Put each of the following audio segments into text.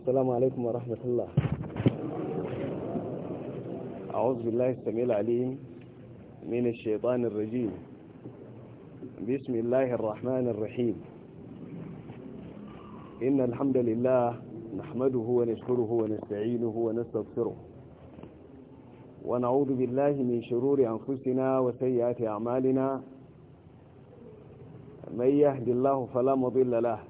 assalamu alaikum wa rahmatullah a wasu samil alim min shaitanin rajim bismillahir rahmanir rahim inna alhamdulillah nahmaduhu wa nashkuruhu wa nasta'inuhu wa nastaghfiruh wa na'udhu billahi min shururi anfusina wa sayyiati a'malina may yahdihillahu fala mudilla lahu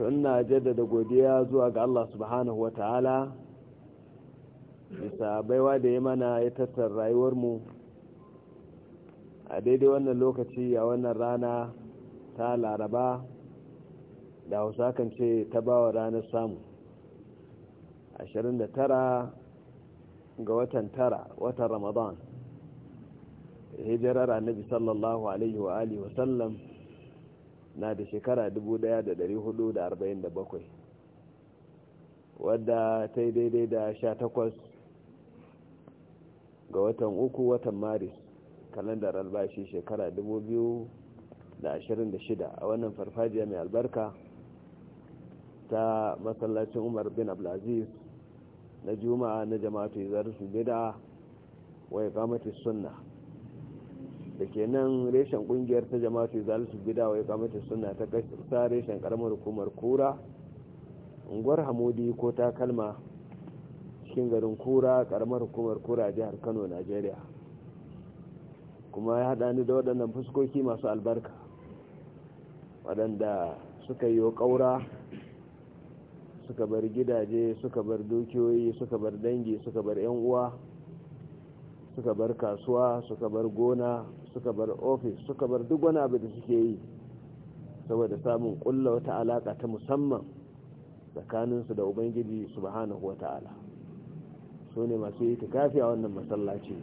to ina jaddada godiya zuwa ga Allah subhanahu wata'ala bisa baiwa da ya mana ya tattar rayuwarmu a daidai wannan lokaci a wannan rana ta laraba da hausa kan ce ta bawa ranar samu ashirin da tara ga watan tara watan ramadan hijirar annabi sallallahu alaihi wa alihi wasallam na da shekara 1447 wadda ta yi daidai da 18 ga watan uku watan maris kalandar albashi shekara 2026 a wannan farfajiya mai albarka ta masallacin umar bin abdulaziz na juma'a na jama'a izar su gida wai iqamati da ke nan reshen kungiyar ta jama'a ta zalisu gida wa ya kamata suna ta kasa reshen karamar hukumar kura unguwar hamudi ko ta kalma cikin garin kura karamar hukumar kura a jihar kano nigeria kuma ya haɗa ni da waɗannan fuskoki masu albarka waɗanda suka yi ƙaura suka bar gidaje suka bar dukiyoyi suka bar dangi suka bar 'yan uwa suka bar kasuwa suka bar gona suka bar ofis suka bar duk wani abu da suke yi saboda samun kulla wata alaka ta musamman tsakaninsu da ubangiji subhanahu wa ta'ala su ne masu yi tukafi a wannan masallaci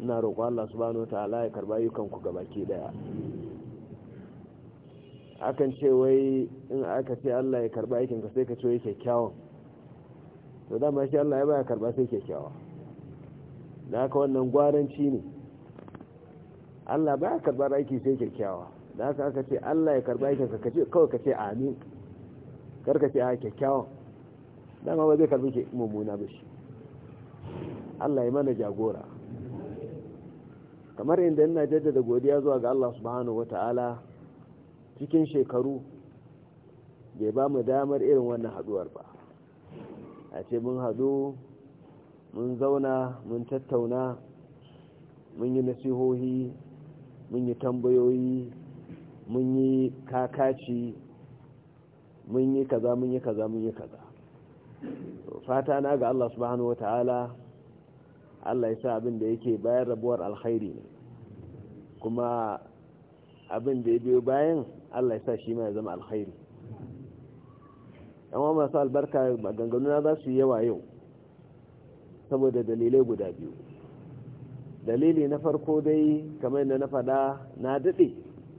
ina roƙo Allah subhanahu wa ta'ala ya karba yukanku baki daya akan ce wai in aka ce Allah ya karba aikin sai ka ce wai kyakkyawan to dama shi Allah ya baya karba sai kyakkyawa da haka wannan gwaranci ne Allah ba ya karɓar aiki sai kyakkyawa da haka aka ce Allah ya karɓar aiki ka kace kawai ka ce amin kar ka ce a ah, kyakkyawa dama ba zai karɓi ke mummuna ba shi Allah ya mana jagora kamar inda ina jaddada godiya zuwa ga Allah subhanahu wata'ala cikin shekaru bai ba mu damar irin wannan haduwar ba a ce mun hadu mun zauna mun tattauna mun yi nasihohi mun yi tambayoyi mun yi kakaci mun yi kaza mun yi kaza mun yi kaza fata na ga Allah subhanahu wataala Allah ya sa abin da yake bayan rabuwar alkhairi ne kuma abin da ya biyo bayan Allah ya sa shi ma ya zama alkhairi amma masu albarka na za su yi yawa yau saboda dalilai guda biyu dalili na farko dai kamar yadda na faɗa na daɗe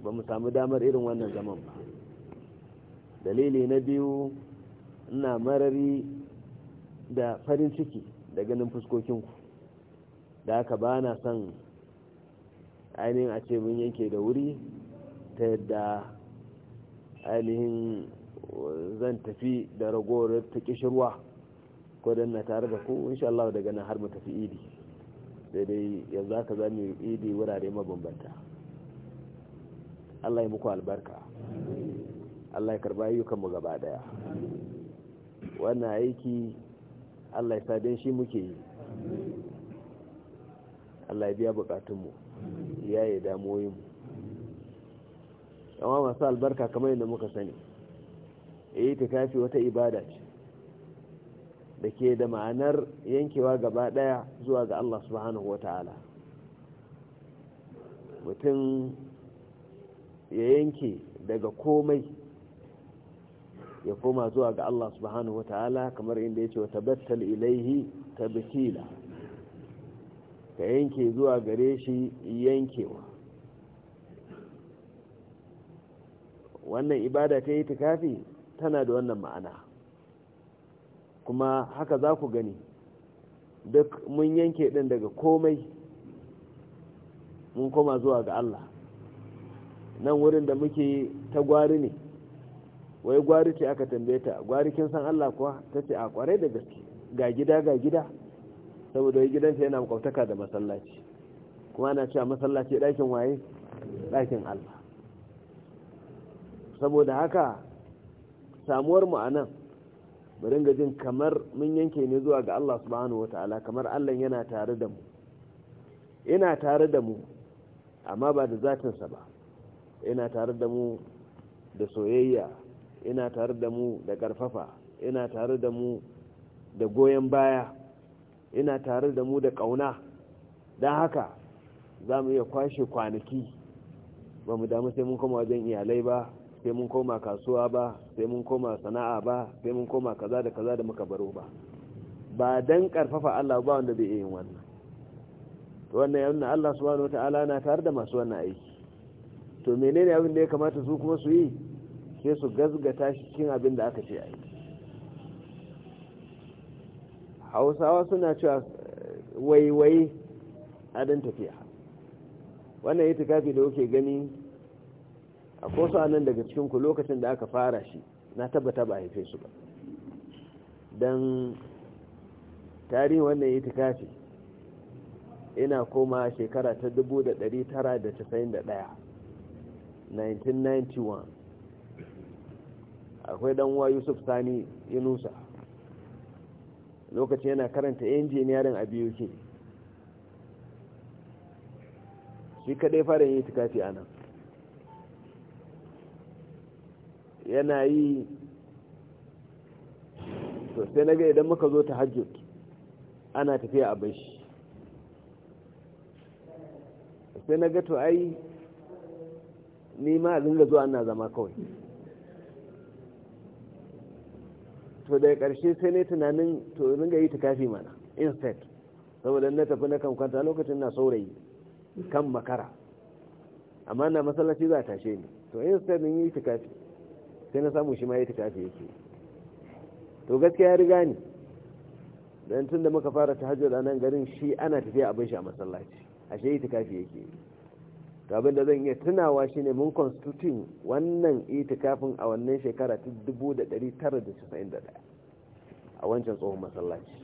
ba mu samu damar irin wannan zaman ba dalili na biyu ina marari da farin ciki da ganin fuskokinku da aka ba na son ainihin a ce mun yanke da wuri ta yadda ainihin uh, zan tafi da ragowar ta kishirwa ko na tare da ku insha Allah daga nan har mu tafi idi sai dai yanzu aka za mu idi wurare mabambanta Allah ya muku albarka Allah ya karba ayyukan mu gaba daya wannan aiki Allah ya sadan shi muke yi Allah ya biya mu ya yi mu amma masu albarka kamar yadda muka sani yi ta kafi wata ibada ce da ke da ma'anar yankewa gaba daya zuwa ga Allah subhanahu wa ta'ala mutum ya yanke daga komai ya koma zuwa ga Allah subhanahu wa ta'ala kamar inda ya ce wa battal ilaihi bikila ka yanke zuwa gare shi yankewa wannan ibada ta yi tukafi tana da wannan ma'ana kuma haka za ku gani duk mun yanke ɗin daga komai mun koma zuwa ga Allah nan wurin da muke ta gwari ne wai gwari ce aka tambaye ta gwari kin san Allah kuwa ta ce a kwarai da gaske ga gida ga gida saboda wai gidansa yana makwabtaka da masallaci kuma ana cewa masallaci ɗakin waye ɗakin Allah saboda haka samuwar mu a nan mu dinga jin kamar mun yanke ne zuwa ga Allah subhanahu wata'ala kamar Allah yana tare da mu yana tare da mu amma ba da zatinsa ba yana tare da mu da soyayya ina tare da mu da karfafa yana tare da mu da goyon baya ina tare da mu da kauna don haka za mu iya kwashe kwanaki ba mu damu sai mun koma wajen iyalai ba sai mun koma kasuwa ba sai mun koma sana'a ba sai mun koma kaza da kaza da muka baro ba ba dan karfafa Allah ba wanda bai yin wannan to wannan ya nuna Allah subhanahu wataala na tare da masu wannan aiki to menene abin da ya kamata su kuma su yi sai su gazgata shi cikin abin da aka ce a yi hausawa suna cewa waiwai adon tafiya wannan itikafi da kuke gani a kosu a nan daga cikinku lokacin da aka fara shi na tabbata ba haife su ba don tarihin wannan yi tikafi ina koma shekara ta 1991 1991 akwai danuwa yusuf sani yunusa lokacin yana karanta injiniyarin a biyu ke shi kadai fara yi tikafi a nan yana yi sosai na ga idan muka zo ta hajjot ana tafiya a shi sai na ga to ai ni ma a dinga zuwa ana zama kawai to daga karshe sai ne tunanin to dinga yi ta kafi mana instead saboda na tafi na kan lokacin na saurayi kan makara amma na masallaci za a tashe ni to instead in yi ta kafi sai na samu shi ma ya tafi yake to gaskiya ya riga ni dan tun da muka fara ta a nan garin shi ana tafiya abin shi a masallaci ashe yi tikafi yake to abinda da zan iya tunawa shine mun constitution wannan itikafin a wannan shekara ta 1991 a wancan tsohon masallaci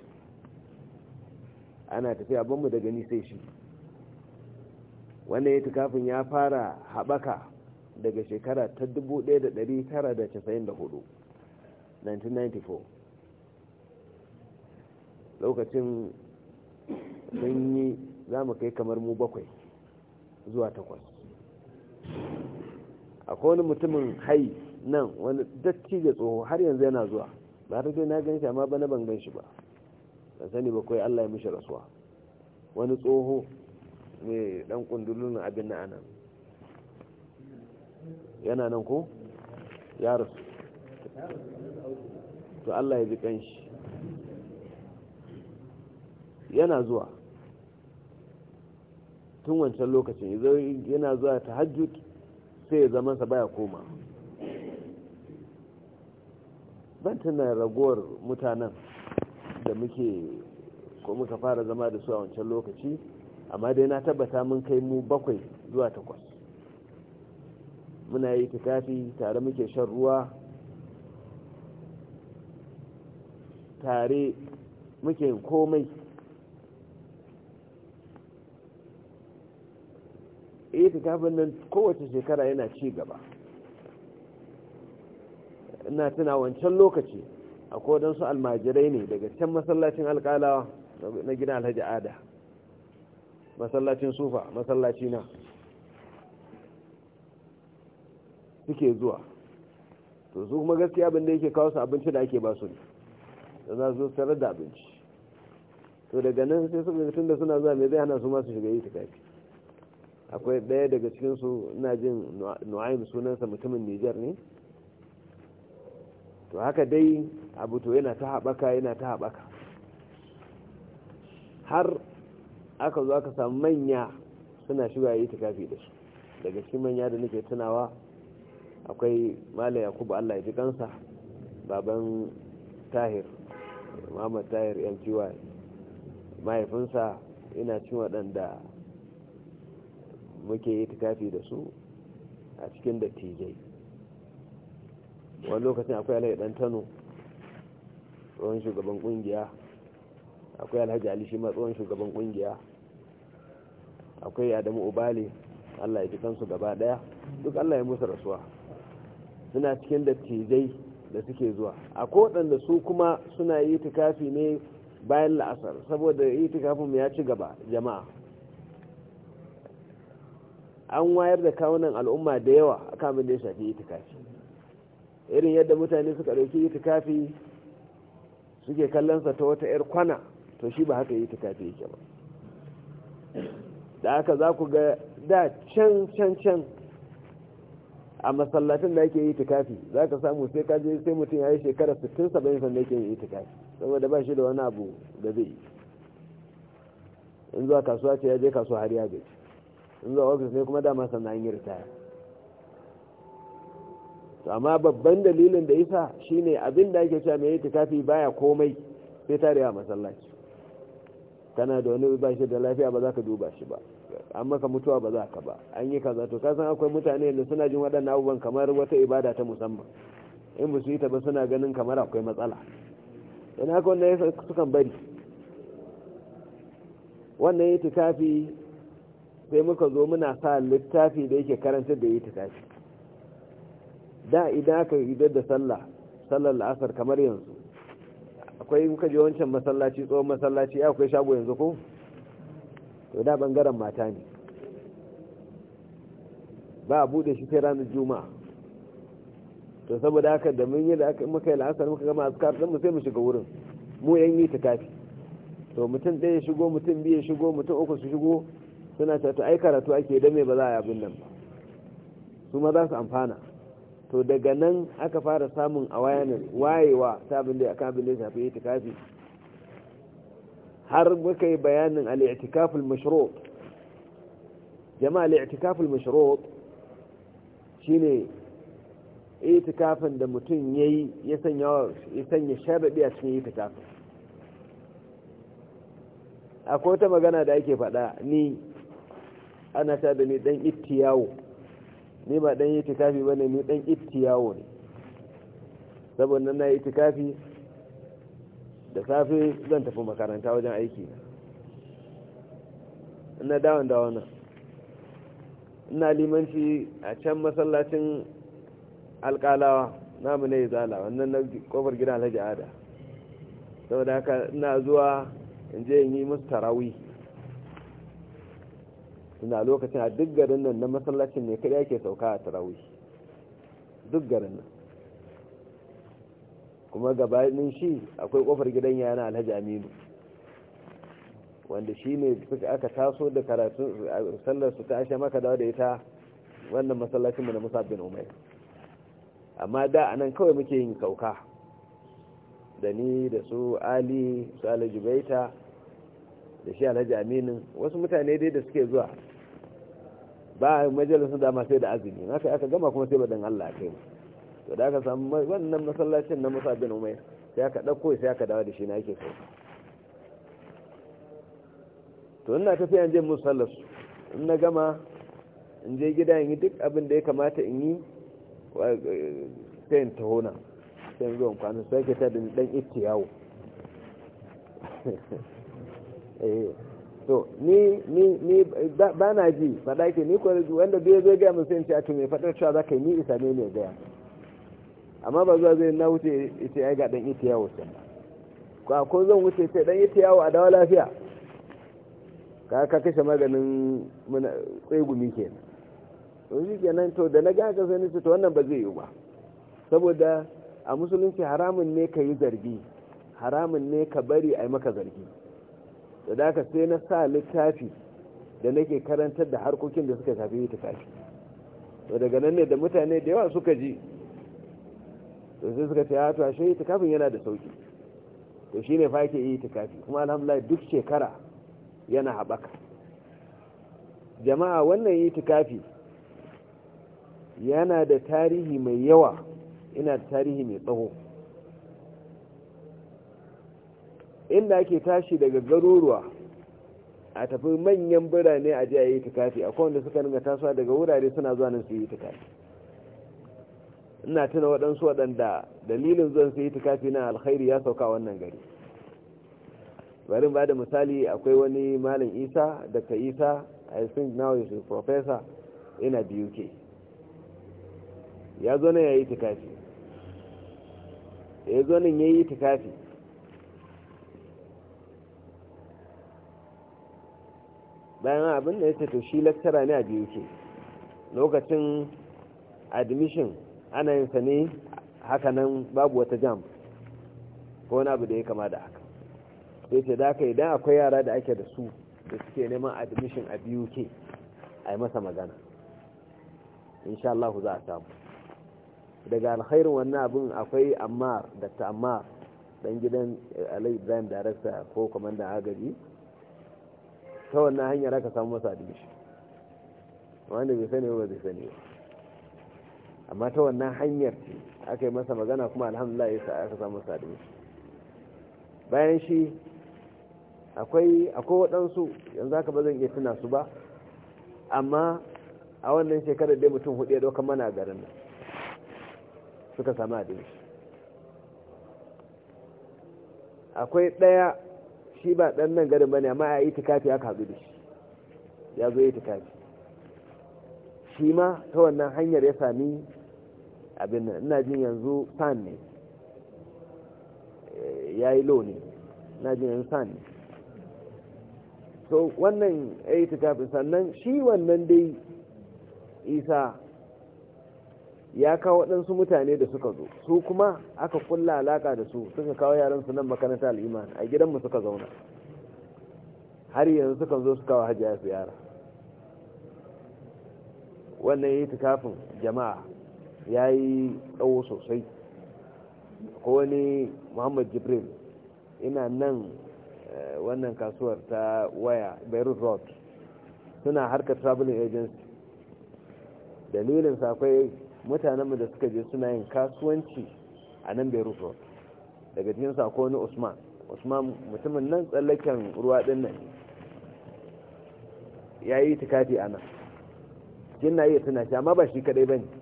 ana tafiya banmu da gani sai shi wannan itikafin ya fara haɓaka daga shekara ta 1994 1994 lokacin sun yi za mu kai kamar mu bakwai zuwa takwas akwai wani mutumin hai nan wani datti da tsoho har yanzu yana zuwa ba ta na gan shi amma bana ban gan shi ba a sani bakwai allah ya mishi rasuwa wani tsoho mai dan kundulun abin na anan yana nan ko ya rasu to Allah ya ji kanshi yana zuwa tun wancan lokacin yana zuwa ta hajjut sai zamansa baya koma ban tana ragowar mutanen da muke ko muka fara zama da su a wancan lokaci amma dai na tabbata mun kai mu bakwai zuwa takwas muna yi tafi tare muke shan ruwa tare muke komai itikafin eh, nan kowace shekara yana ci gaba ina tuna wancan lokaci a kodansu almajirai ne daga can masallacin alkalawa na gidan alhaji ada masallacin sufa masallaci na suke zuwa to su kuma gaskiya abin da yake kawo su abinci da ake ba su da za su sarar da abinci to daga nan sai su tun da suna zuwa mai zai hana su masu shiga yi tukafi akwai ɗaya daga cikin su ina jin nu'aim sunansa mutumin nijar ne to haka dai abu to yana ta haɓaka yana ta haɓaka har aka zo aka samu manya suna shiga yi tukafi da su daga cikin manya da nake tunawa akwai malam yakubu allah ya ji kansa baban tahir muhammad tahir ciwa mahaifinsa ina cin waɗanda muke yi tukafi da su a cikin dattijai wani lokacin akwai alhaji dan tano tsohon shugaban kungiya akwai alhaji ali shi ma tsohon shugaban ƙungiya akwai adamu ubali allah ya ji kansu gaba daya duk allah ya musu rasuwa suna cikin dattijai da suke zuwa a kowaɗanda su kuma suna yi tukafi ne bayan la'asar saboda yi tukafin ya ci gaba jama'a an wayar da kawunan al'umma da yawa a kamun da ya shafi yi tukafi irin yadda mutane suka ɗauki yi tukafi suke kallonsa ta wata 'yar kwana to shi ba haka yi tukafi yake ba da haka za ku ga da can can can a masallacin da yake yi tikafi za ka samu sai kaji sai mutum ya yi shekara 60 70 sanda yake yi tikafi saboda ba shi da wani abu da zai yi in zuwa kasuwa ce ya je kasuwa har ya gaji in zuwa ofis ne kuma dama sannan yi ritaya amma babban dalilin da isa shine abin da ake cewa mai yi tikafi baya komai sai tarewa masallaci kana da wani ba shi da lafiya ba za ka duba shi ba an maka mutuwa ba za ka ba an yi kaza to kasan akwai mutane da suna jin waɗannan abubuwan kamar wata ibada ta musamman in ba su yi ta ba suna ganin kamar akwai matsala don haka wannan ya sukan bari wannan yi tikafi sai muka zo muna sa littafi da yake karantar da yi tikafi da idan aka idar da sallah sallar la'asar kamar yanzu akwai muka je wancan masallaci tsohon masallaci akwai shago yanzu ko to da bangaren mata ne ba a bude shi sai ranar juma'a to saboda haka da mun yi da aka muka yi la'asar muka gama askar din mu sai mu shiga wurin mu yan yi tikafi to mutum ɗaya shigo mutum biyu shigo mutum uku su shigo suna cewa to ai karatu ake da mai ba za a yi abin nan ba su ma za su amfana to daga nan aka fara samun wayanin wayewa ta abin da akan abin da ya shafi kafi. har muka yi bayanin al'i'tikaful mashrut jama'a al'i'tikaful shi ne itikafin da mutum yayi ya sanya ya sanya shababi a cikin itikafin akwai wata magana da ake faɗa ni ana ta da ni dan yawo ni ba dan itikafi ne ni ɗan itiyawo ne saboda na itikafi da safe zan tafi makaranta wajen aiki ina dawon da ina limanci a can masallacin alkalawa namu ne zala wannan na kofar gidan alhaji ada saboda haka ina zuwa in je in yi musu tarawi ina lokacin a duk garin nan na masallacin ne kada ake sauka a tarawi duk garin nan kuma gabanin shi akwai kofar gidan yana alhaji aminu wanda shi ne aka taso da karatun sallar su ta ashe maka dawo da ita wannan masallacin mu na musa bin umar amma da anan kawai muke yin kauka da ni da su ali su alhaji baita da shi alhaji aminu wasu mutane dai da suke zuwa ba majalisun dama sai da azumi na aka gama kuma sai badan allah kai mu to da aka samu wannan masallacin na musa bin umair sai aka ɗauko sai aka dawo da shi na ake kai to ina tafiya je musallarsu in na gama in je gida in yi duk abin da ya kamata in yi sai in taho na sai in zuwan kwanan sai ke ta dan itti yawo eh, to ni ni ni ba na ji faɗa ke ni kuwa wanda bai zai gaya mun sai in ci a to mai cewa za ka yi ni isa ne ne gaya amma ba zuwa zai na wuce ita ya ga dan ita yawo ba ko zan wuce ita dan ita yawo a dawa lafiya ka ka kashe maganin tsegumi kenan to shi kenan to da na gaka sai nace to wannan ba zai yi ba saboda a musulunci haramun ne ka yi zargi haramun ne ka bari a yi maka zargi da daga sai na sa littafi da nake karantar da harkokin da suka shafi littafi to daga nan ne da mutane da yawa suka ji to sai suka ce ya to ashe itikafin yana da sauki to shine fa yake yi itikafi kuma alhamdulillah duk shekara yana haɓaka jama'a wannan yi itikafi yana da tarihi mai yawa ina da tarihi mai tsaho inda ake tashi daga garuruwa a tafi manyan birane a jiya yi itikafi akwai wanda suka ringa tasowa daga wurare suna zuwa nan su yi itikafi ina tuna waɗansu waɗanda dalilin zuwan sai tukafi na alkhairi ya sauka wannan gari bari ba da misali akwai wani malam isa dr isa i think now is a professor ina da uk ya zo nan ya yi tukafi ya zo nan ya yi tukafi bayan abin da ya ce to shi lakcara ne a biyu ke lokacin admission ana yin sa ne haka nan babu wata jam ko wani abu da ya kama da haka sai ce da aka idan akwai yara da ake da su da suke neman admission a BUK a yi masa magana insha Allah za a samu daga alkhairun wannan abin akwai ammar dr ammar dan gidan eh, alai ibrahim director ko kwamandan agaji ta wannan hanyar aka samu masa admission wanda bai sani ba zai sani ba amma ta wannan hanyar aka yi masa magana kuma alhamdulillah ya sa aka samu sadu bayan shi akwai akwai waɗansu yanzu aka ba zan iya tuna su ba amma a wannan shekarar dai mutum hudu ya ɗaukar mana a garin nan suka samu adini akwai ɗaya shi ba ɗan nan garin bane amma ya yi tikafi aka haɗu da shi ya zo yi tikafi shi ma ta wannan hanyar ya sami abin nan ina jin yanzu san ne eh, ya yi lo ne ina jin yanzu san ne so wannan ya yi tukafin sannan shi wannan dai isa ya kawo waɗansu mutane da suka zo su kuma aka kulla alaƙa da su suka kawo yaransu nan makaranta al'iman a gidanmu suka zauna har yanzu suka zo su kawo hajiya su yara wannan yi tukafin jama'a ya yi tsawo sosai ko wani muhammad jibril ina nan eh, wannan kasuwar ta waya beirut road suna harkar traveling agency dalilin akwai mutanenmu da suka je suna yin kasuwanci a nan beirut road daga cikin sako wani usman usman mutumin nan tsallaken ruwa din nan ya yi tikati a nan jin na iya tunashi amma ba shi kadai ba ne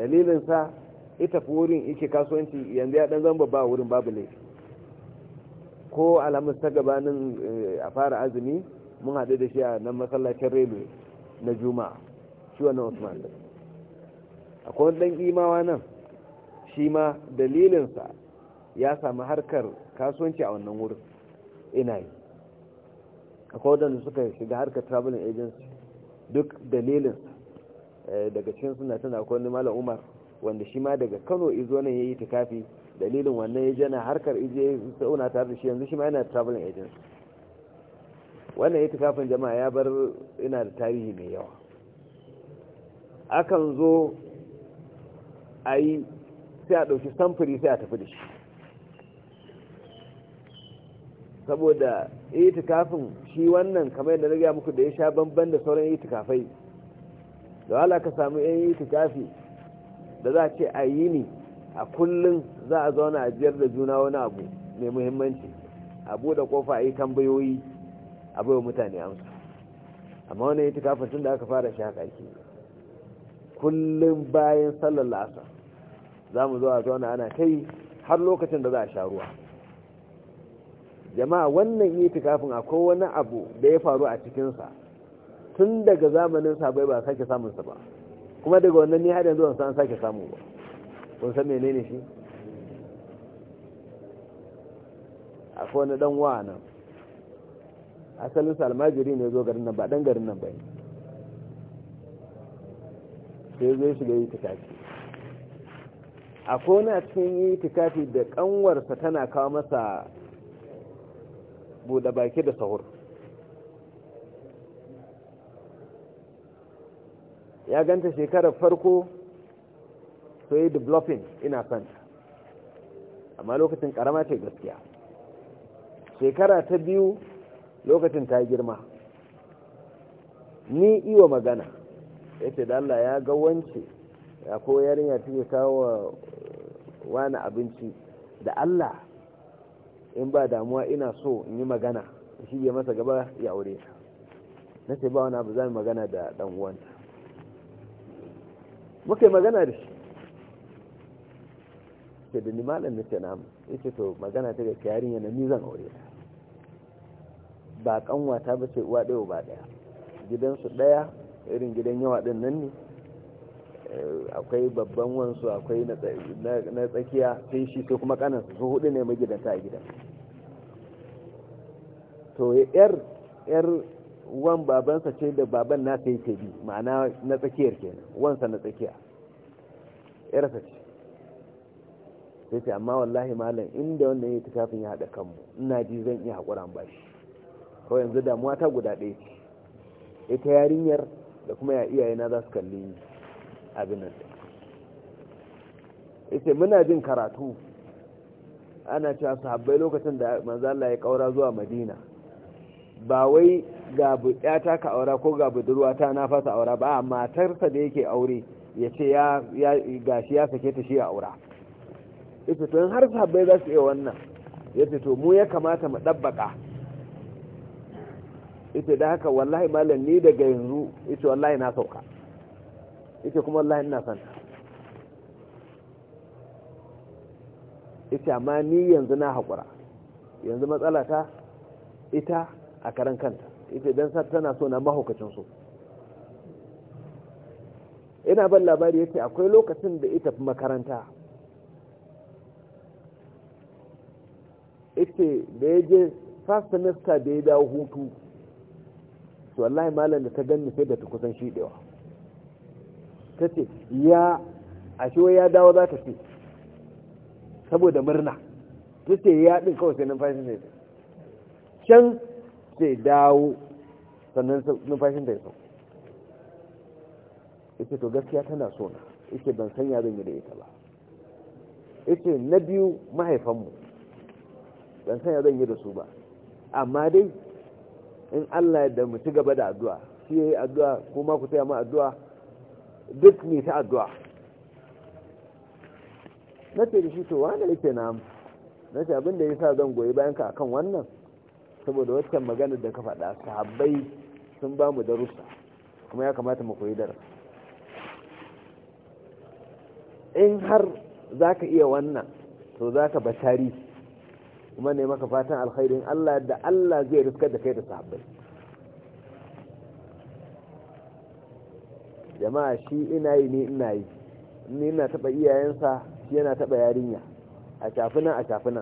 dalilin sa ita fi wurin yake kasuwanci yanzu ya dan zamba ba wurin babu laifi ko alhamis ta gabanin eh, a fara azumi mun haɗu da shi a nan masallacin railway na juma'a shi wannan usman akwai ɗan imawa nan shi ma dalilinsa ya sami harkar kasuwanci a wannan wurin ina yi akwai waɗanda suka shiga harkar traveling agency duk dalilinsa Eh, daga cikin suna tana wani malam umar wanda shi ma daga kano izo nan ya yi dalilin wannan ya jana harkar ije sauna tare da shi yanzu shi ma yana traveling agent wannan ya tukafin jama'a ya bar ina da tarihi mai yawa akan zo a yi sai a ɗauki samfuri sai a tafi da shi saboda itikafin shi wannan kamar yadda rage muku da ya sha banban da sauran itikafai da wala ka samu yan yi tikafi da za ce a yi ni a kullum za a zauna a jiyar da juna wani abu mai muhimmanci a buɗe kofa a yi tambayoyi a bai mutane amsa amma wani yi tikafin tun da aka fara shi haka ake kullum bayan sallar lasa za mu zuwa zauna ana kai har lokacin da za a sha ruwa jama'a wannan yi tikafin akwai wani abu da ya faru a cikinsa tun daga zamanin sabai ba sake samun sa ba kuma daga wannan ne har yanzu ban san sake samu ba kun san menene shi akwai wani dan wa nan asalin sa almajiri ne zo garin nan ba dan garin nan ba ne sai zai shiga yi tikafi akwai wani a cikin yi tikafi da kanwarsa tana kawo masa buɗe baki da sahur ya ganta shekarar farko to yi developing ina fanta amma lokacin karama ce gaskiya shekara ta biyu lokacin ta girma ni iwa magana ya ce da Allah ya ga wance ya ko yarinya take kawo wani abinci da Allah in ba damuwa ina so in yi magana shi ya masa gaba ya aure ta na ce ba wani abu za magana da ɗan uwanta muka yi magana da shi ke da nimalan na namu ya to magana ta ga kyarin na nizan aure ba ba kanwata ba ce uwa ɗaya ba ɗaya gidansu ɗaya irin gidan yawa ɗin nan ne eh, akwai babban wansu akwai na tsakiya sai shi sai kuma kanan su hudu ne magidanta a gidan to yar wan babansa ce da baban nasa yake bi ma'ana na tsakiyar kenan wansa na tsakiya yarsa ce sai ce amma wallahi malam inda wanda yi ta kafin ya haɗa kanmu ina ji zan iya haƙuran ba shi ko yanzu damuwa ta guda ɗaya ce ita yarinyar da kuma ya iyayena za su kalli abin nan Ita, muna jin karatu ana cewa sahabbai lokacin da Manzala ya kaura zuwa Madina ba wai ga buɗata ka aura ko ga budurwata na fasa aura ba matarsa da yake aure ya ce ya gashi ya sake ta shi a aura ita tun har sabbai za su iya wannan ya fito mu ya kamata mu ɗabbaƙa ita da haka wallahi malam ni daga yanzu ita wallahi na sauka ita kuma wallahi ina santa ita amma ni yanzu na haƙura yanzu matsala ta ita a karan kanta ita idan sa tana so na mahaukacin su ina ban labari yace akwai lokacin da ita fi makaranta ita da ya je first semester da ya dawo hutu su wallahi malam da ta ganni sai da ta kusan shiɗewa ta ce ya ashe ya dawo za ta ce saboda murna ta ce ya ɗin kawai sai numfashin ne can ce dawo sannan numfashin da ya sau ita to gaskiya tana so na ita ban sanya zan yi da ita ba ita na biyu mahaifanmu ban sanya zan yi da su ba amma dai in Allah da mu ci gaba da addu'a shi ya yi addu'a kuma ku taya ma addu'a duk ne ta addu'a na ce da shi to wani ke na na ce abin da sa zan goyi bayan ka akan wannan saboda waccan magana da ka faɗa sahabbai sun ba mu darussa kuma ya kamata mu koyi darasa in har za ka iya wannan to za ka ba tarihi kuma ne maka fatan alkhairin Allah da Allah zai riskar da kai da sahabbai jama'a shi ina yi ni ina yi ni ina taɓa iyayensa shi yana taɓa yarinya a shafi a shafi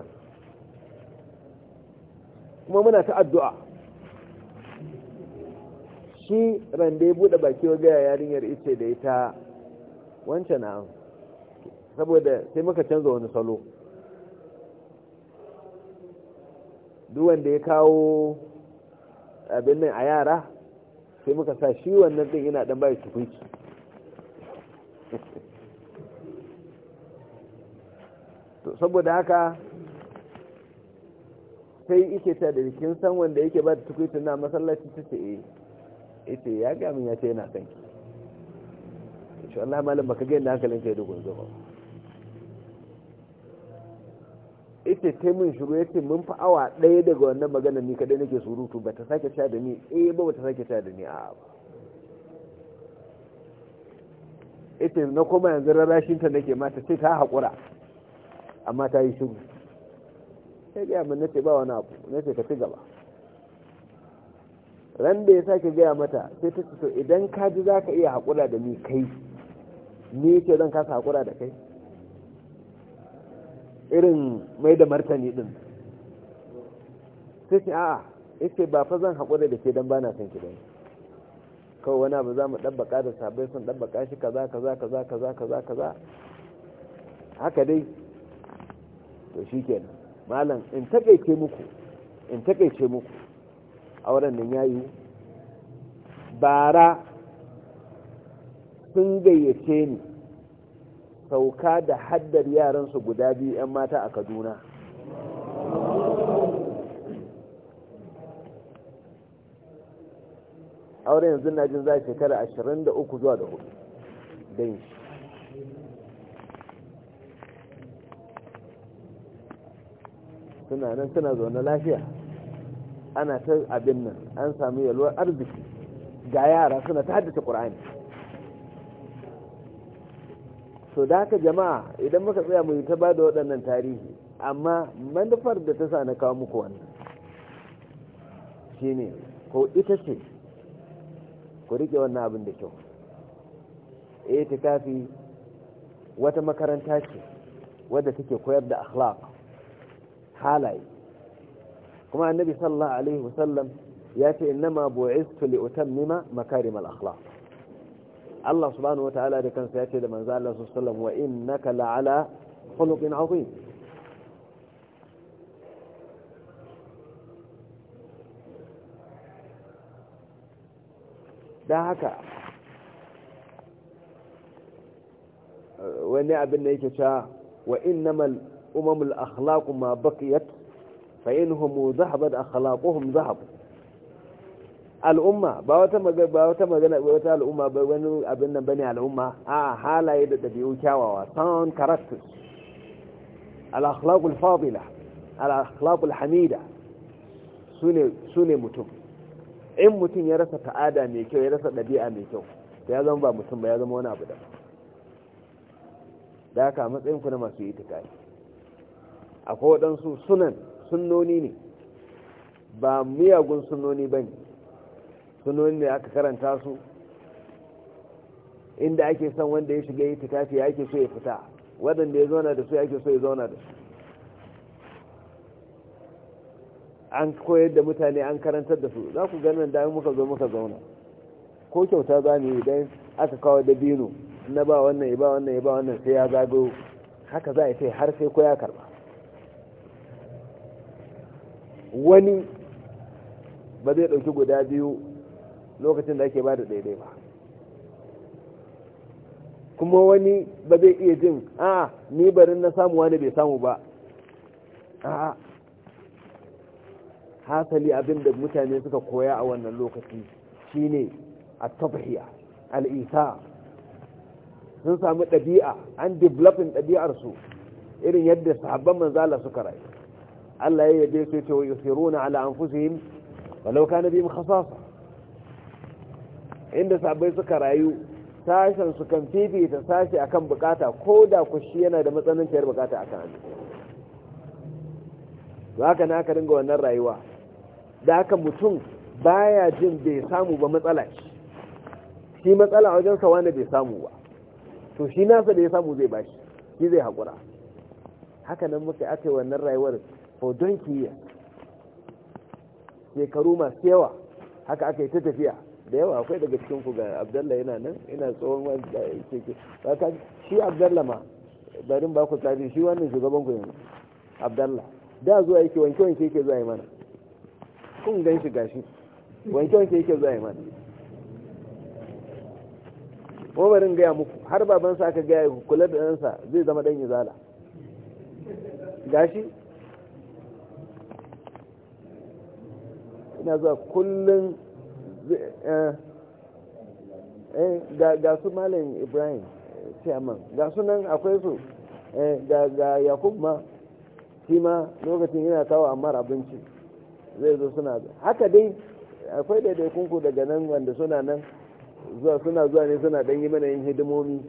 kuma muna ta addu'a shi rande ya buɗe baki wa gaya yarinyar ice da ita wancan na saboda sai muka canza wani salo duk wanda ya kawo abin nan a yara sai muka sa shi wannan din yana dan bai tukunci saboda haka sai ike ta da jikin san wanda yake ba da tukwicin na masallaci ta ce eh ita ya ga min ya ce yana san ki shi Allah malam baka ga yadda hankalin ka ya dogon ita ta min shiru ya ce mun fa awa ɗaya daga wannan magana ni kadai nake surutu ba ta sake sha da ni eh ba ba ta sake sha da ni a'a ba ita na koma yanzu rarashinta nake mata sai ta haƙura amma ta yi shiru sai gaya min nace ba wani abu nace ka ci gaba ran da ya sake gaya mata sai ta to idan ka ji za ka iya haƙura da ni kai ni ce zan kasa haƙura da kai irin mai da martani din sai ce a'a yace ba fa zan haƙura da ke don ba na son ki bane kawai wani abu za mu ɗabbaka da sabai sun ɗabbaka shi kaza kaza kaza kaza kaza kaza haka dai to shi malam in takaice muku in takaice muku auren nan yayi bara sun gayyace ni sauka da haddar yaransu guda biyu 'yan mata a kaduna auren yanzu na jin za shekara 23 zuwa da hudu don shi suna nan suna zaune lafiya ana ta abin nan an sami yalwar arziki ga yara suna ta haddace ƙura'ani so da haka jama'a idan muka tsaya mu yi ta bada waɗannan tarihi amma manufar da ta sa na kawo muku wannan shine ko ita ce ku rike wannan abin da kyau ta kafi wata makaranta ce wadda take koyar da akhlaq halaye kuma annabi sallallahu alaihi wasallam ya ce innama bu'istu li utammima makarimal akhlaq Allah subhanahu wataala da kansa ya ce da manzo Allah sallallahu alaihi wasallam wa innaka la'ala khuluqin 'azim da haka wani abin da yake cewa wa innamal أمم الأخلاق ما بقيت فإنهم ذهبت أخلاقهم ذهب الأمة باوتا wata باوتا wata magana الأمة wata al'umma ba wani abin nan bane al'umma a halaye da dabi'u kyawawa sound character al-akhlaq in mutum ya rasa ta'ada mai kyau ya rasa dabi'a mai kyau to ya zama ba mutum ba ya zama wani abu da da haka matsayin ku na masu itikadi akwai waɗansu sunan sunnoni ne ba miyagun sunnoni ba ne sunnoni ne aka karanta su inda ake son wanda ya shiga yi itikafi ya ake so ya fita waɗanda ya zauna da su ya ake so ya zauna da su an koyar da mutane an karantar da su za ku ganin da muka zo muka zauna ko kyauta za mu idan aka kawo da bino na ba wannan ya ba wannan ya ba wannan sai ya zago haka za a yi har sai ko ya karba wani ba zai ɗauki guda biyu lokacin da ake ba da daidai ba kuma wani ba zai iya jin a ni barin na samu wani bai samu ba a hasali abin mutane suka koya a wannan lokaci shine a tafahiya al'isa sun samu ɗabi'a an developin ɗabi'arsu irin yadda sahabban manzala suka rayu Allah ya yabe su ce wa yusiruna ala anfusihim walau kana bihim khasasa inda sabai suka rayu sashen su kan fifita sashi akan bukata ko da kushi yana da matsananciyar bukata akan hannu ka na aka dinga wannan rayuwa da mutum baya jin bai samu ba matsala shi shi matsala wajen sawa ne bai samu ba to shi nasa da ya samu zai bashi shi zai haƙura haka nan muka ake wannan rayuwar for donkey years shekaru masu yawa haka aka yi ta tafiya da yawa akwai daga cikin ku ga abdalla yana nan ina tsohon wani keke ke shi abdalla ma barin ba ku tsari shi wannan shugaban ku yanzu abdalla da zuwa yake wanke wanke yake zuwa yi mana kun gan shi gashi wanke wanke yake zuwa yi mana umarin gaya muku har babansa aka gaya kula da ɗansa zai zama ɗan yi zala gashi ina zuwa kullum eh, eh, ga su malin ibrahim eh, chairman ga sunan akwai su ga yakub ma shi ma lokacin yana kawo amma abinci zai zo suna haka dai akwai daidai daga nan wanda suna nan zuwa suna zuwa ne suna dan yi mana yin hidimomi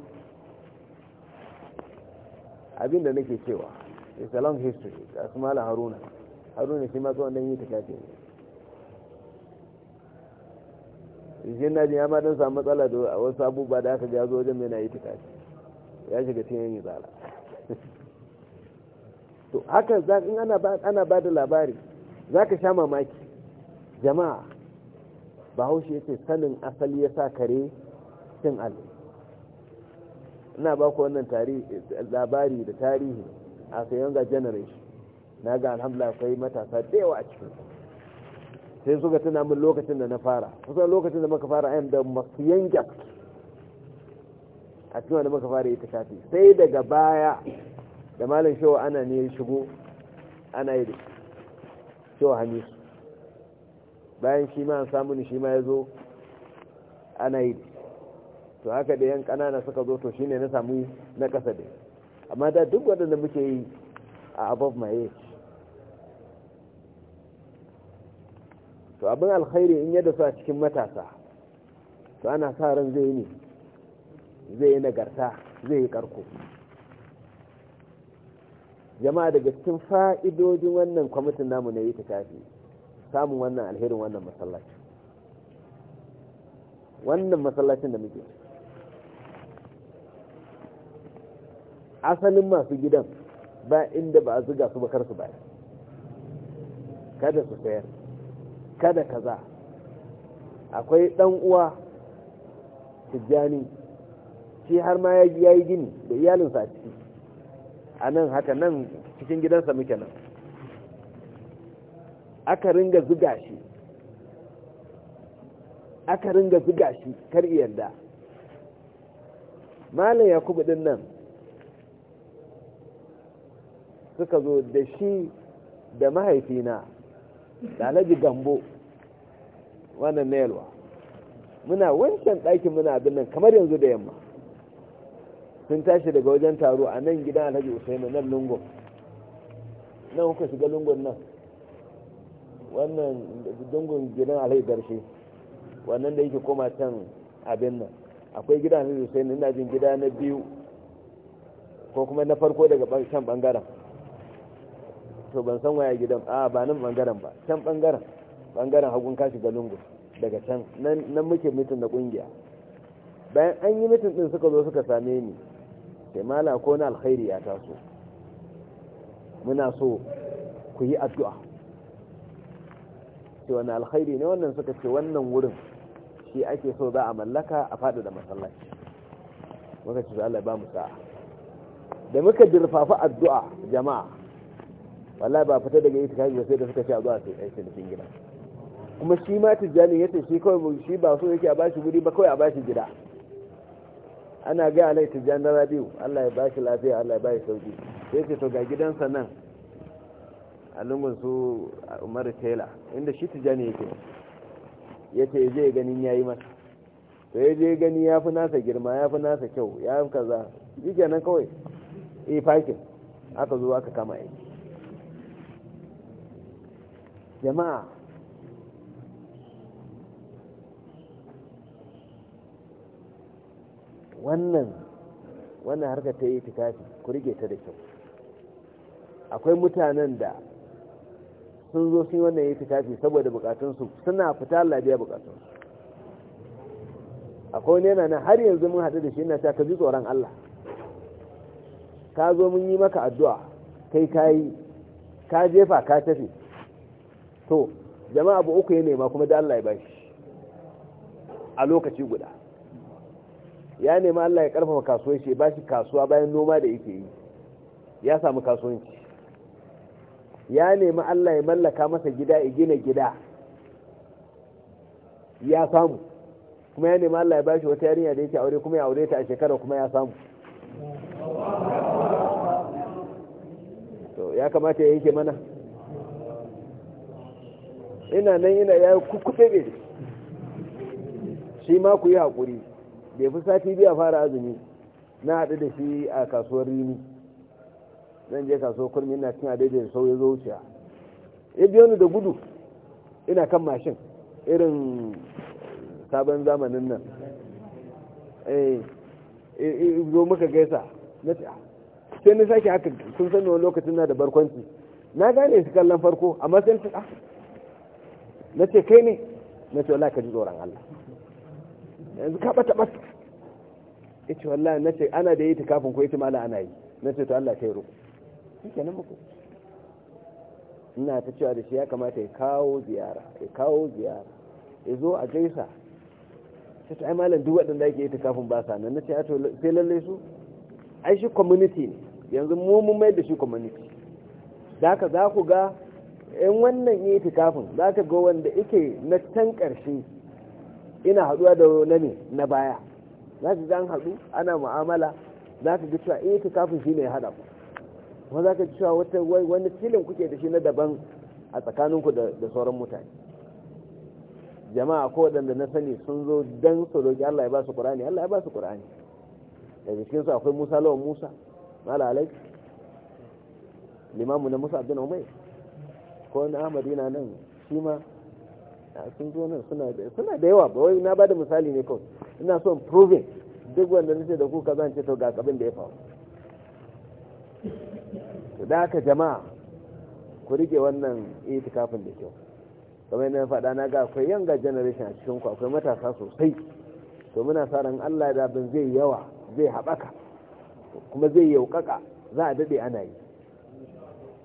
abinda da nake cewa it's a long history ga su haruna haruna shi ma kawai dan yi tafiya shi na jin ya ma samu matsala da wasu abubuwa da aka ga zo wajen mai na yi tukaci ya shiga cikin yin zala to haka in ana ba da labari za ka sha mamaki jama'a bahaushe ya ce sanin asali ya sa kare cin alli ina ba ku wannan labari da tarihi a sayan ga generation na ga alhamdulillah akwai matasa da yawa a cikin sai suka tuna min lokacin da na fara kusan lokacin da muka fara ayyam da masu yanke a cikin da muka fara yi ta shafi sai daga baya da malam shewa ana ne shigo ana yi da shewa hamisu bayan shi ma an samu ni shi ma ya zo ana yi to haka da yan kanana suka zo to shine na samu na kasa da amma da duk waɗanda muke yi a above my age to abin alkhairi in yadda su a cikin matasa to ana sa ran zai yi ne zai yi nagarta zai yi karko jama'a daga cikin fa'idojin wannan kwamitin namu na yi ta tafi samun wannan alherin wannan masallaci wannan masallacin da muke asalin masu gidan ba inda ba a zuga su bakar su ba kada su sayar kada ka za akwai ɗan uwa tijjani shi har ma ya yi gini da iyalinsa a ciki a nan haka nan cikin gidansa muke nan aka ringa zuga shi aka ringa zuga shi kar yarda malam yakubu din nan suka zo da shi da mahaifina da alhaji gambo wannan na yalwa muna wancan ɗakin muna abin nan kamar yanzu da yamma sun tashi daga wajen taro a nan gidan alhaji usaini nan lungon nan kuka shiga lungon nan wannan dungun gidan alhaji darshe wannan da yake koma can abin nan akwai gidan alhaji usaini ina jin gida na biyu ko kuma na farko daga can bangaren to ban san waya gidan a ba nan bangaren ba can bangaren bangaren hagun kashi ga lungu daga can nan muke mitin na kungiya bayan an yi mitin din suka zo suka same ni sai mala ko na alkhairi ya taso muna so ku yi addu'a ce wani alkhairi ne wannan suka ce wannan wurin shi ake so za a mallaka a faɗi da masallaci muka ce Allah ba mu sa'a da muka dirfafa addu'a jama'a wallahi ba fita daga ita kai sai da suka ci a zuwa sai ai cinikin gida kuma shi ma tijjani yace shi kawai shi ba so yake a bashi guri ba kawai a bashi gida ana ga alai tijjani da rabiu Allah ya bashi lafiya Allah ya bashi sauki sai ce to ga gidansa nan a lungun su Umar Tela inda shi tijjani yake yace je ganin yayi masa to yaje gani ya fi nasa girma ya fi nasa kyau ya fi kaza shi kenan kawai e eh, fakin aka zo aka kama aiki jama'a wannan wannan harkar ta yi tikafi ku rige ta da kyau akwai mutanen da sun zo sun wannan yi tikafi saboda bukatunsu suna fita labiya bukatunsu akwai wani yana nan har yanzu mun haɗu da shi yana ta ka ji tsoron Allah ka zo mun yi maka addu'a kai yi ka jefa ka tafi to jama'a abu uku ya nema kuma da Allah ya bashi a lokaci guda ya nema Allah ya karfafa kasuwanci ya bashi kasuwa bayan noma da yake yi ya samu kasuwanci ya nemi Allah ya mallaka masa gida ya gina gida ya samu kuma ya nemi Allah ya bashi wata yarinya da yake aure kuma ya aure ta a shekara kuma ya samu ya kamata ya yake mana ina nan ina ya kukkuɗe ne shi ma ku yi haƙuri ya fi sati biya fara azumi na haɗu da shi a kasuwar rini zan je kasuwar kurmi ina cin adai da sau ya zo wuciya ya biyo ni da gudu ina kan mashin irin sabon zamanin nan eh, eh, zo muka gaisa na ah. sai na sake haka sun sani wani lokacin na da barkwanci na gane su kallon farko amma sai na ah. na ce kai ne na ce wallahi ka ji tsoron Allah yanzu ka bata bas ya ce wallahi na ce ana da yi ta kafin ko ya ce mala ana yi na ce to Allah kai ruku shi ke nan muku ina ta cewa da shi ya kamata ya kawo ziyara ya kawo ziyara ya zo a gaisa ta ta malam duk waɗanda ake yi ta kafin ba sa nan na ce to sai lalle su ai shi community ne yanzu mu mun mai da shi community da haka za ku ga in wannan yi kafin za ka ga wanda ike na can ƙarshe ina haɗuwa da na ne na baya za ka gan haɗu ana mu'amala za ka ga cewa eh, kafin shi ne ya haɗa ku kuma za ka ji cewa wani filin kuke da shi na daban a tsakaninku da sauran mutane jama'a ko waɗanda na sani sun zo don su roƙi Allah ya ba su ƙur'ani Allah ya ba su ƙur'ani daga cikin su akwai Musa lawan Musa Malalai, alaik limamu na Musa abdina umar ko wani Amadu yana nan shi ma sun zo nan suna da yawa ba wai na ba da misali ne kawai ina son proving duk wanda nace da ku zan ce to ga abin da ya faru to da haka jama'a ku rike wannan itikafin da kyau kamar yadda na faɗa na ga akwai yanga generation a cikin ku akwai matasa sosai to muna sa ran Allah da abin zai yawa zai haɓaka kuma zai yaukaka za a daɗe ana yi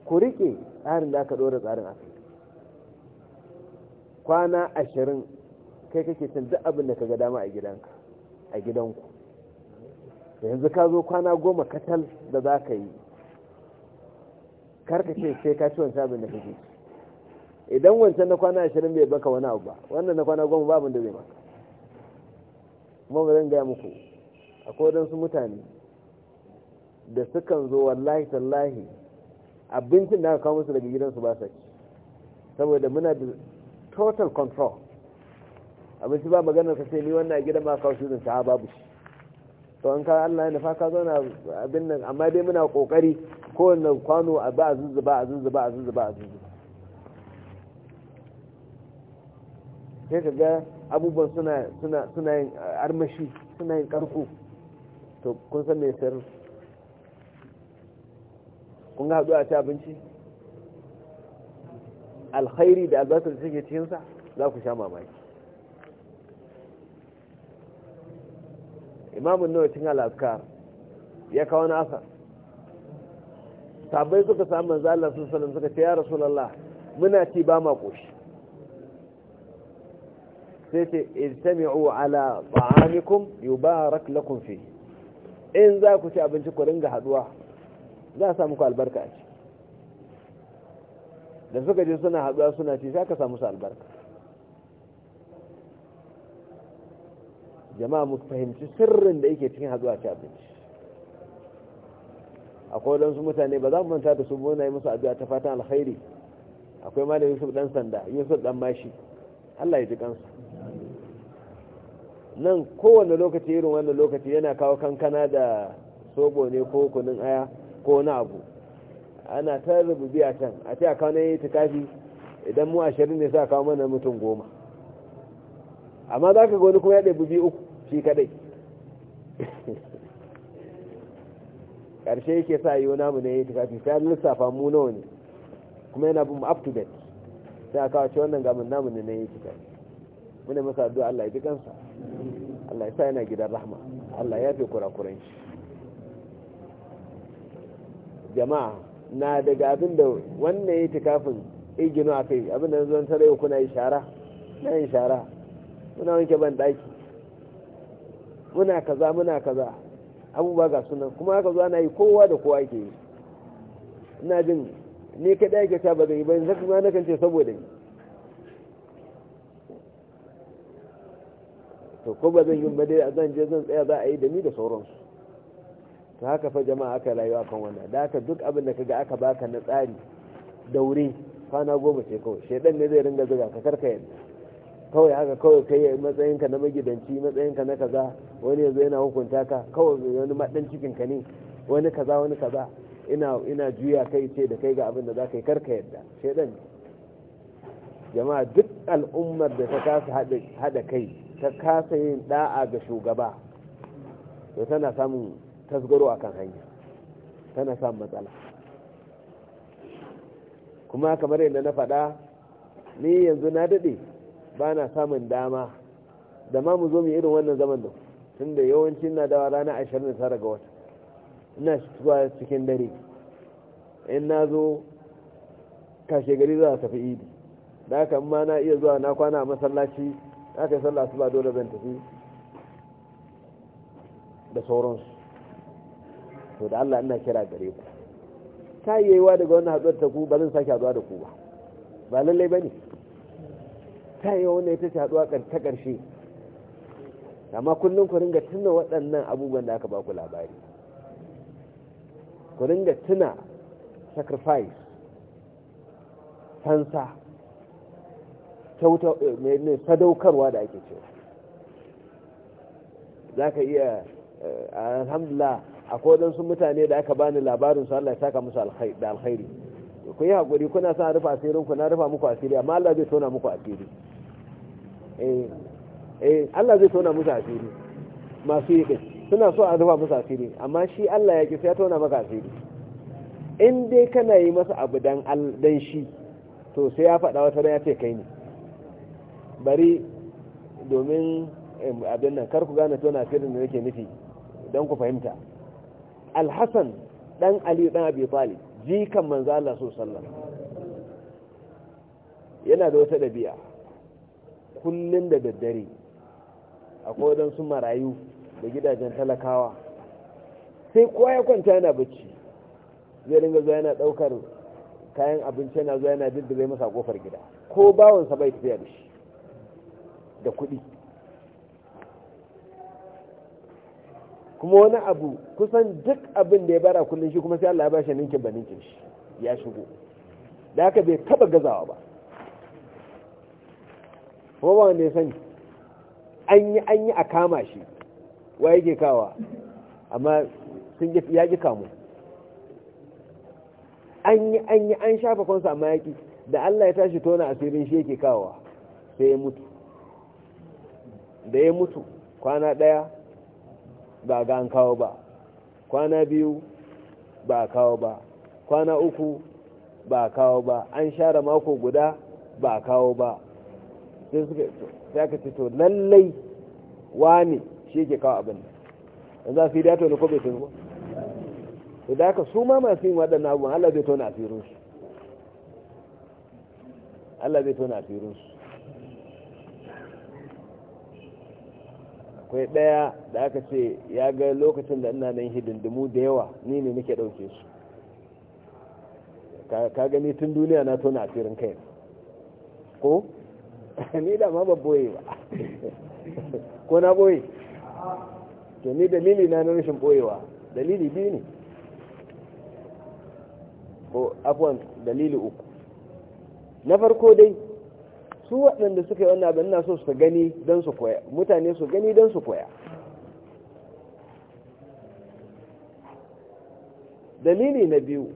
ku riƙe tsarin da aka ɗora tsarin aka kwana ashirin kai kake cin duk abin da ka ga dama a gidanka a gidanku yanzu ka zo kwana goma katal da za ka yi karka ce sai ka ci wancan abin da kake idan wancan na kwana ashirin bai baka wani abu ba wannan na kwana goma ba abin da zai maka kuma ba zan gaya muku akwai waɗansu mutane da sukan zo wallahi tallahi abincin da aka kawo musu daga gidansu ba sa ci saboda muna da total control abinci ba maganar ka sai ni wannan gidan ma kawo shi zanta babu shi to an kawo Allah ya nufa ka zauna abin nan amma dai muna kokari kowanne kwano a ba a zuzzuba a zuzzuba a zuzzuba a zuzzuba sai ka ga abubuwan suna yin armashi suna yin karko to kun san mai sayar kun ga haduwa ta abinci alkhairi da albasar da take cikinsa za ku sha mamaki imamun nawa cin alaskar ya kawo nasa sabai suka samu manzo Allah sun sanin suka ce ya rasulullah muna ci ba ma koshi sai ce ijtami'u ala ba'amikum yubarak lakum fi in za ku ci abinci ku ringa haduwa za a samu albarka a ce da suka je suna haɗuwa suna ce sai ka samu albarka jama'a mu fahimci sirrin da yake cikin haɗuwa ci abinci akwai wadansu mutane ba za mu manta da su muna yi musu addu'a ta fatan alkhairi akwai da yusuf dan sanda yusuf dan mashi allah ya ji kansa nan kowane lokaci irin wannan lokaci yana kawo kankana da sobo ne ko kunun aya ko wani abu ana ta rububi a can a ce a kawo na yi tikafi idan mu ashirin ne sa kawo mana mutum goma amma za ka goni kuma ya ɗabi biyu uku shi kadai ƙarshe yake sa yi wani ne ya yi tikafi sai an lissafa mu nawa ne kuma yana bin up to date sai a kawo ce wannan gamin namu ne na yi tikafi muna masa addu'a Allah ya ji kansa Allah ya sa yana gidan rahma Allah ya fi kurakuran shi jama'a na daga abin da wannan ya tikafin igino a kai abin da zuwan tare yau kuna yi shara na yin shara muna wanke ban daki muna kaza muna kaza abubuwa ga sunan kuma haka zuwa na yi kowa da kowa ke yi ina jin ne kaɗa yake ta ba zai yi ba yanzu kuma na kan ce saboda yi to ko ba zan yi ba dai zan je zan tsaya za a yi da ni da sauransu ta haka fa jama'a aka rayuwa kan wannan da haka duk abin da ka ga aka baka na tsari daure kwana goma ce kawai shaidan ne zai ringa zuga ka karka yadda kawai haka kawai kai ya matsayinka na magidanci matsayinka na kaza wani yanzu yana hukunta ka kawai wani maɗan cikin ka ne wani kaza wani kaza ina juya kai ce da kai ga abin da za ka yi karka yadda shaidan jama'a duk al'ummar da ta kasa hada kai ta kasa yin da'a ga shugaba to tana samun tasgaro akan hanya tana samun matsala kuma kamar yadda na faɗa ni yanzu na daɗe ba na samun dama da ma mu zo mu irin wannan zaman da tun da yawancin na dawa rana ashirin da tara ga wata ina zuwa cikin dare in na zo kashe gari za a tafi idi da haka ma na iya zuwa na kwana a masallaci aka yi sallah su ba dole zan tafi da sauransu to da Allah ina kira gare ku ta yi wa daga wannan haɗuwar ta ku ba zan sake haɗuwa da ku ba ba lallai ba ne ta yi wa wannan ita ce haɗuwa ta ƙarshe amma kullum ku ringa tuna waɗannan abubuwan da aka ba ku labari ku ringa tuna sacrifice fansa eh, sadaukarwa da ake cewa za ka iya eh, alhamdulillah akwai sun mutane da aka bani labarin su Allah ya saka musu da alkhairi ku yi haƙuri kuna sa rufa asirin ku na rufa muku asiri amma Allah zai tona muku asiri eh, eh Allah zai tona musu asiri masu yi suna so a rufa musu asiri amma shi Allah ya ki sai ya tona maka asiri in dai kana yi masa abu dan dan shi to sai ya faɗa wata ya ce kai ne bari domin abin nan kar ku gane tona asirin da nake nufi don ku fahimta alhassan ɗan aliyu ɗan abi talib jikan manzo Allah so sallam yana da wata dabi'a kullum da daddare akwai wadansu marayu da gidajen talakawa sai kowa ya kwanta yana bacci zai ringa zuwa yana ɗaukar kayan abinci yana zuwa yana dindire masa kofar gida ko bawansa bai tafiya da shi da kuɗi kuma wani abu kusan duk abin da ya bara kullum shi kuma sai Allah ya bashi ninkin ba ninkin shi ya shigo da haka bai taba gazawa ba kuma ba wanda ya sani an yi an yi a kama shi wa yake kawa amma sun ya ki kamu an yi an yi an shafa kwansa amma ya da Allah ya tashi tona asirin shi yake kawa sai ya mutu da ya mutu kwana ɗaya ba ga an kawo ba kwana biyu ba kawo ba kwana uku ba kawo ba an share mako guda ba kawo ba sai ka ce to lallai wani shi ke kawo abin da za su yi dato ne ko bai tunu ba da aka su ma masu yin waɗannan abubuwan allah bai tona asirinsu su. akwai ɗaya da aka ce ya ga lokacin da ina nan hidindimu da yawa ni ne nake ɗauke su ka gani tun duniya na tona a firin kai ko ni da ma ba boye ba ko na boye to ni dalili na rashin boyewa dalili biyu ne ko afwan dalili uku na farko dai su waɗanda suka yi wannan abin na so su gani don su koya mutane su gani don su koya dalili na biyu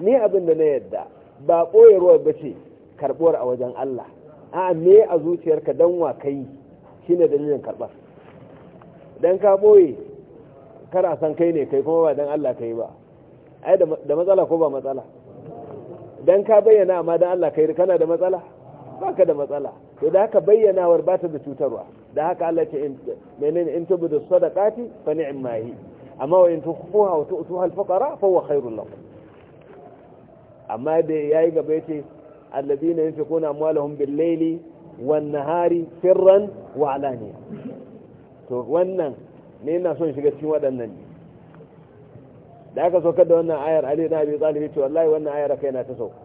ni abin da na yadda ba ɓoyarwa ba ce karɓuwar a wajen Allah a me a zuciyarka don wa kai shi ne dalilin karɓar don ka ɓoye kara san kai ne kai kuma ba don Allah kai ba ai da matsala ko ba matsala don ka bayyana amma don Allah kai kana da matsala ba ka da matsala to da haka bayyanawar bata da cutarwa da haka Allah ce menene in tubu da sadaqati fa ni'm ma hi amma wa in tukhuha wa tu'tuha al-fuqara fa huwa khairul lakum amma da yayi gaba yace alladhina yunfiquna amwalahum bil-layli wan-nahari sirran wa alaniya to wannan ne ina son shiga cikin waɗannan ne da aka saukar da wannan ayar Ali na Abi Talib ce wallahi wannan ayar kai na ta sauka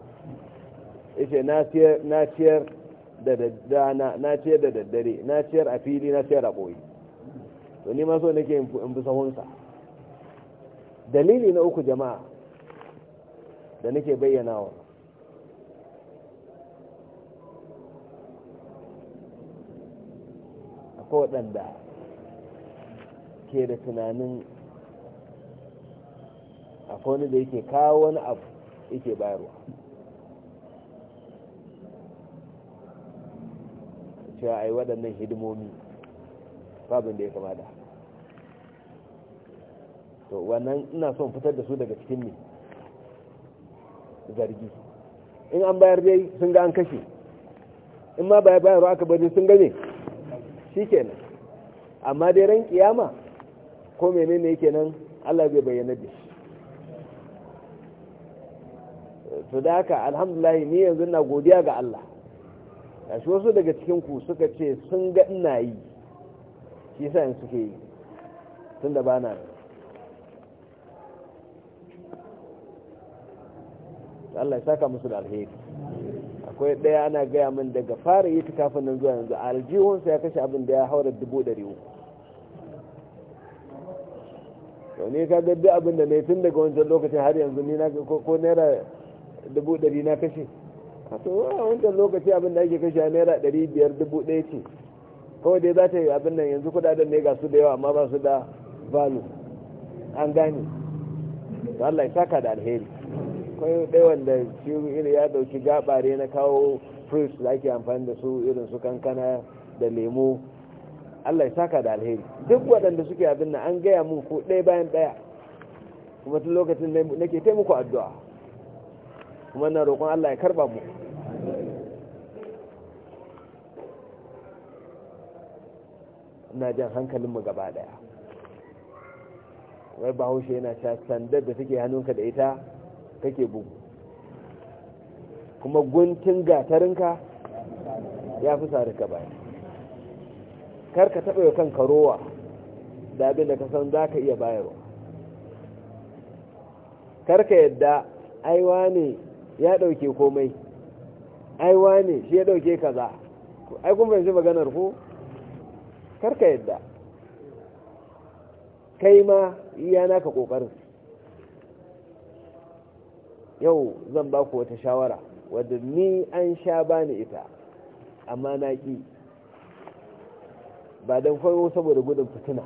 na ciyar da daddana na da daddare na ciyar a fili na ciyar a boye to ni ma so nake in fi sahunsa dalili na uku jama'a da nake bayyanawa akwai waɗanda ke da tunanin akwai wani da yake kawo wani abu yake bayarwa cewa ai waɗannan hidimomi babin da ya kama da to wannan ina son fitar da su daga cikin ne zargi in an bayar dai sun ga an kashe in ma bayar bayarwa aka bari sun gane shi kenan amma dai ran kiyama ko menene yake nan Allah zai bayyana da shi to da haka alhamdulillah ni yanzu na godiya ga Allah gashi wasu daga cikin ku suka ce sun ga ina yi shi sa in suke yi tun da bana Allah ya saka musu da alheri akwai ɗaya ana gaya min daga fara yi kafin nan zuwa yanzu aljihunsa ya kashe abin da ya haura dubu ɗari uku to ne ka ga abin da ne tun daga wancan lokacin har yanzu ni na ko naira dubu ɗari na kashe a to a wancan lokaci abin da ake kashe naira ɗari biyar dubu ɗaya ce kawai dai za ta yi abin nan yanzu kudaden ne ga su da yawa amma ba su da balu an gane to Allah ya saka da alheri kai dai wanda shi irin ya ɗauki gabare na kawo fruits da ake amfani da su irin su kankana da lemo Allah ya saka da alheri duk waɗanda suke abin nan an gaya mun ko ɗaya bayan ɗaya kuma tun lokacin nake taimako addu'a kuma na roƙon Allah ya karba mu ina jan hankalinmu gaba daya wai bahaushe yana sha sandar da suke hannunka da ita kake bugu kuma guntun gatarinka ya fi rika baya kar ka taɓa kan karowa da abin da ka san za ka iya bayarwa kar ka yadda aiwa ne ya ɗauke komai ai wane shi ya ɗauke kaza ai kuma yanzu maganar ku karka yadda kai ma iya naka ƙoƙarin yau zan ba ku wata shawara wadda ni an sha bani ita amma na ƙi ba don fayo saboda gudun fitina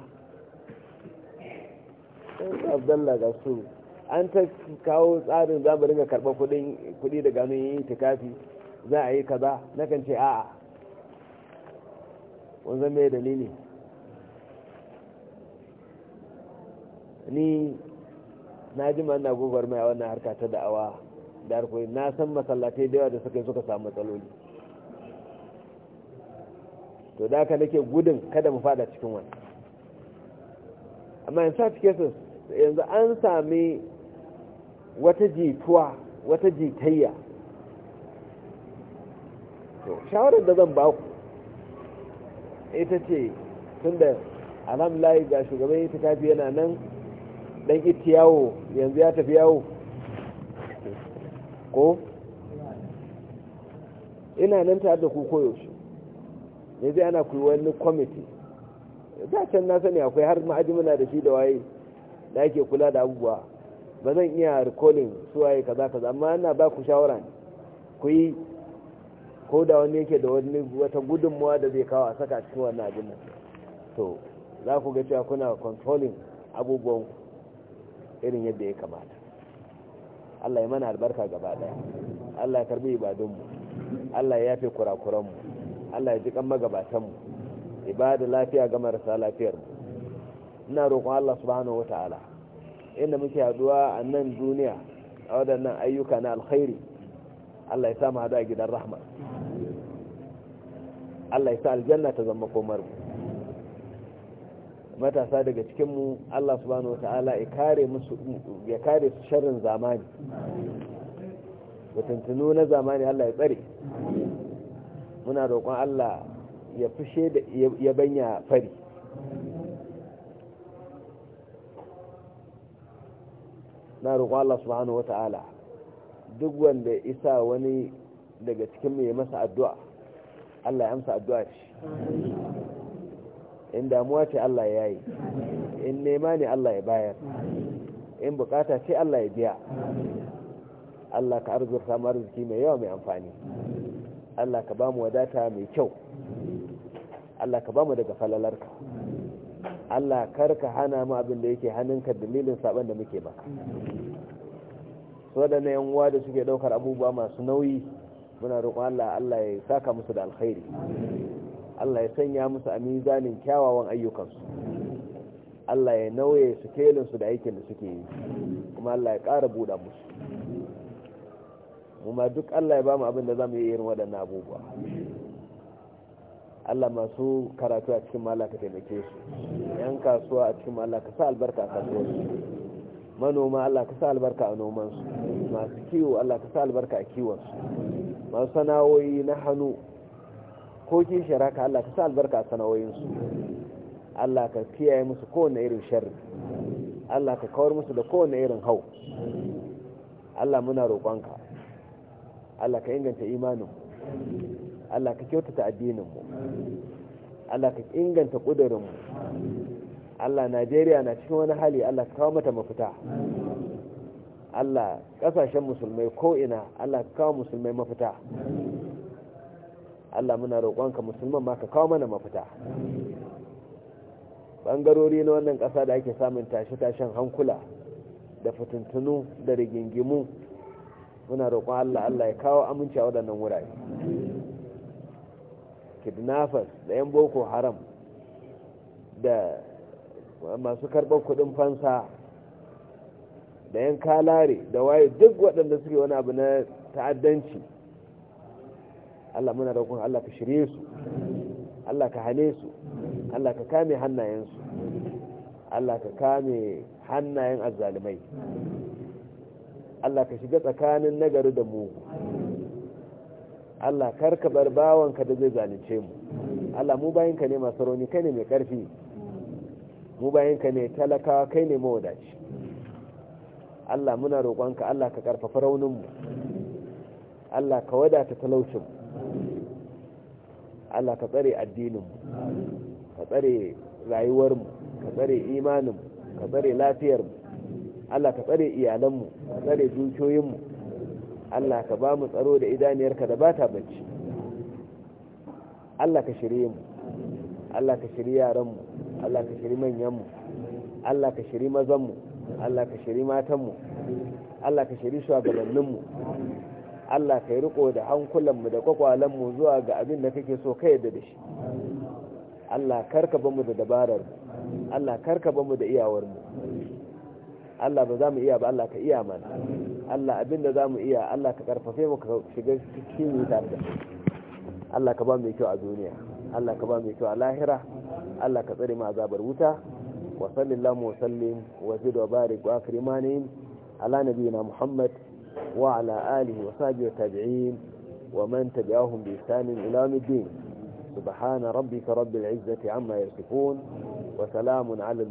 abdallah ga an ta kawo tsarin za mu ringa karɓar kuɗi daga mun yi tikafi za a yi kaza na kan ce a'a wanzan mai dalili ni na ji ma ina gobar mai wannan harka ta da'awa da harkoyi na san masallatai da yawa da suka yi suka samu matsaloli to da haka nake gudun kada mu fada cikin wani amma in such yanzu an sami wata jituwa wata jitayya to shawarar da zan ba ku ita ce tun da alhamdulahi ga shugaban ita tafi yana nan dan iti yawo yanzu ya tafi yawo ko ina nan ta da ku koyaushe yanzu ana kuyi wani kwamiti da can na sani akwai har ma'ajimina da shi da waye da ake kula da abubuwa ba zan iya recalling suwaye kaza kaza amma ina ba ku shawara ne ku yi ko da wani yake da wani wata gudunmuwa da zai kawo a saka cikin wannan abin nan to za ku ga cewa kuna controlling abubuwan irin yadda ya kamata Allah ya mana albarka gaba daya Allah ya karbi ibadunmu Allah ya yafe kurakuranmu Allah ya ji kan magabatanmu ibada lafiya ga marasa lafiyarmu ina roƙon Allah subhanahu ta'ala. inda muke haduwa a nan duniya a waɗannan ayyuka na alkhairi Allah ya sa mu a gidan rahma Allah ya sa aljanna ta zama komar matasa daga cikinmu Allah subhanahu wata'ala ya kare su sharrin zamani mutuntunu na zamani Allah ya tsare muna roƙon Allah ya fushe da ya fari na roƙo Allah subhanahu ta'ala duk wanda isa wani daga cikin mai masa addu'a Allah ya amsa addu'a shi in damuwa ce Allah ya yi in nema ne Allah ya bayar in bukata ce Allah ya biya Allah ka arzur samu arziki mai yawa mai amfani Allah ka ba mu wadata mai kyau Allah ka ba mu daga falalarka Allah ka hana mu abin da yake hannunka dalilin saban da muke ba so da na yanwa da suke ɗaukar abubuwa masu nauyi muna roƙon Allah Allah ya saka musu da alkhairi Allah ya sanya musu a mizanin kyawawan ayyukansu Allah ya nauye su kelinsu da aikin da suke yi kuma Allah ya ƙara buɗa musu kuma duk Allah ya ba mu abin da za mu yi irin waɗannan abubuwa Allah masu karatu a cikin mala ka taimake su yan kasuwa a cikin mala ka sa albarka a su manoma Allah ka sa albarka a nomansu masu kiwo Allah ka sa albarka a kiwonsu masu sana'o'i na hannu ko kishiyar haka Allah ka sa albarka a sana'o'insu Allah ka kiyaye musu kowane irin sharri Allah ka kawar musu da kowane irin hau Allah muna roƙonka Allah ka inganta imanin Allah ka kyautata addininmu Allah ka inganta ƙudurinmu Allah Najeriya na cikin wani hali Allah ka kawo mata mafita Allah ƙasashen musulmai ko'ina Allah ka kawo musulmai mafita Allah muna roƙonka musulman ma ka kawo mana mafita ɓangarori na wannan ƙasa da ake samun tashe-tashen hankula da fitintunu da rigingimu muna roƙon Allah Allah ya kawo aminci a waɗannan wurare kidnappers da 'yan boko haram da masu karɓar kudin fansa da 'yan kalare da waye duk waɗanda suke wani abu na ta'addanci Allah muna da Allah ka shirye su Allah ka hane su Allah ka kame hannayensu Allah ka kame hannayen azzalumai Allah ka shiga tsakanin nagari da mugu Allah karka bar bawanka da zai zalunce mu Allah mu bayinka ne masu rauni kai ne mai karfi mu bayinka ne talaka kai ne mawadaci Allah muna roƙonka Allah ka karfafa raunin mu Allah ka wadata talaucin mu Allah ka tsare addinin mu ka tsare rayuwar mu ka tsare imanin mu ka tsare lafiyar mu Allah ka tsare iyalan mu ka tsare dukiyoyin mu Allah ka ba mu tsaro da idaniyarka da ba ta bacci Allah ka shirye mu Allah ka shiri yaranmu Allah ka shiri manyanmu Allah ka shiri mazanmu Allah ka shiri matanmu Allah ka shiri shugabanninmu Allah ka yi riko da hankulanmu da kwakwalanmu zuwa ga abin da kake so ka yadda da shi Allah karka ba mu da dabarar Allah karka ba mu da iyawarmu Allah ba za mu iya ba Allah ka iya mana Allah abin da za mu iya Allah ka karfafe mu ka shiga cikin tare da Allah ka ba mu kyau a duniya Allah ka ba mu kyau a lahira Allah ka tsare mu azabar wuta wa sallallahu wa sallim wa zid wa barik wa akrimani ala nabiyina Muhammad wa ala alihi wa sahbihi wa tabi'in wa man tabi'ahum bi ihsan ila yawmiddin subhana rabbika rabbil izzati amma yasifun wa salamun ala al